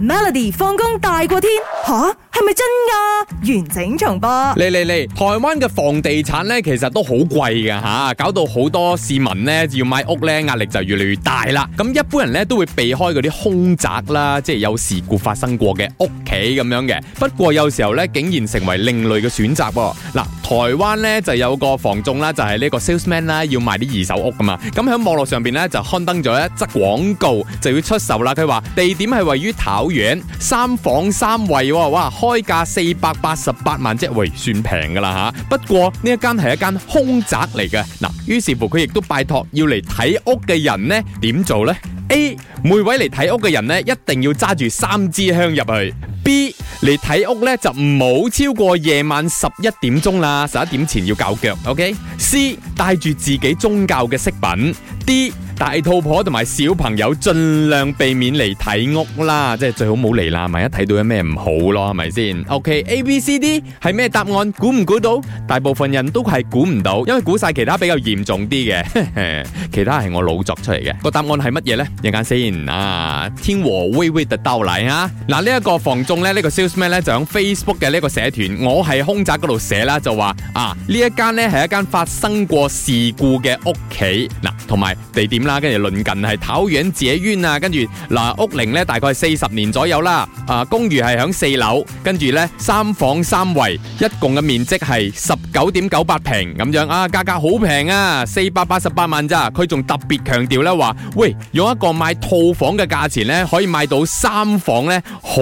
Melody 放工大過天吓，係咪真噶？完整重播，嚟嚟嚟，台灣嘅房地產咧，其實都好貴噶吓，搞到好多市民咧要買屋咧，壓力就越嚟越大啦。咁一般人咧都會避開嗰啲凶宅啦，即係有事故發生過嘅屋企咁樣嘅。不過有時候咧，竟然成為另類嘅選擇。嗱，台灣咧就有個房仲啦，就係、是、呢個 salesman 啦，要賣啲二手屋噶嘛。咁喺網絡上邊咧就刊登咗一則廣告，就要出售啦。佢話地點係位於桃。遠三房三衛喎，哇！開價四百八十八萬啫，喂，算平噶啦吓。不過呢一間係一間空宅嚟嘅。嗱，於是乎佢亦都拜託要嚟睇屋嘅人呢，點做呢？A，每位嚟睇屋嘅人呢，一定要揸住三支香入去；B，嚟睇屋呢就唔好超過夜晚十一點鐘啦，十一點前要搞腳，OK？C，帶住自己宗教嘅飾品；D。大肚婆同埋小朋友盡量避免嚟睇屋啦，即係最好冇嚟啦，萬一睇到有咩唔好咯，係咪先？OK，A、B、C、D 係咩答案？估唔估到？大部分人都係估唔到，因為估晒其他比較嚴重啲嘅，其他係我老作出嚟嘅。個答案係乜嘢咧？一間先啊，天和威威特斗嚟啊！嗱，呢一個房仲咧，呢個 Salesman 咧就喺 Facebook 嘅呢個社團，我喺凶宅嗰度寫啦，就話啊，呢一間咧係一間發生過事故嘅屋企。同埋地點啦，跟住鄰近係桃園借冤，啊，跟住嗱屋齡咧大概四十年左右啦。啊，公寓係響四樓，跟住呢，三房三衛，一共嘅面積係十九點九八平咁樣啊，價格好平啊，四百八十八萬咋？佢仲特別強調呢，話，喂，用一個買套房嘅價錢呢，可以買到三房呢，好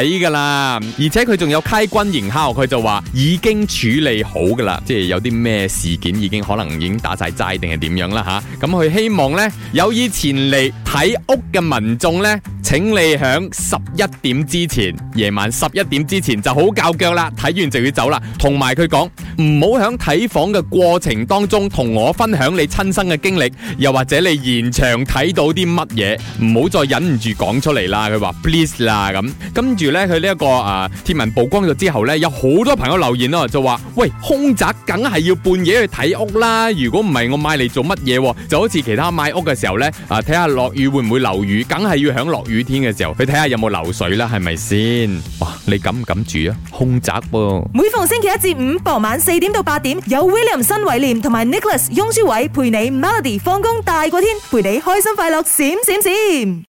抵噶啦！而且佢仲有溪軍營銷，佢就話已經處理好噶啦，即係有啲咩事件已經可能已經打晒齋定係點樣啦吓。啊咁佢希望咧，有意前嚟，睇屋嘅民眾咧，請你響十一點之前，夜晚十一點之前就好較腳啦。睇完就要走啦。同埋佢講，唔好響睇房嘅過程當中同我分享你親身嘅經歷，又或者你現場睇到啲乜嘢，唔好再忍唔住講出嚟啦。佢話 please 啦咁。跟住咧，佢呢一、這個啊貼、呃、文曝光咗之後咧，有好多朋友留言啊就話喂，凶宅梗係要半夜去睇屋啦。如果唔係，我買嚟做乜嘢，啊？就好似其他買屋嘅時候咧，啊、呃、睇下落雨。會唔會漏雨？梗係要響落雨天嘅時候去睇下有冇流水啦，係咪先？哇！你敢唔敢住啊？空宅噃，啊！每逢星期一至五傍晚四點到八點，有 William 新偉廉同埋 Nicholas 雍舒偉陪你 Melody 放工大過天，陪你開心快樂閃閃閃。閃閃閃閃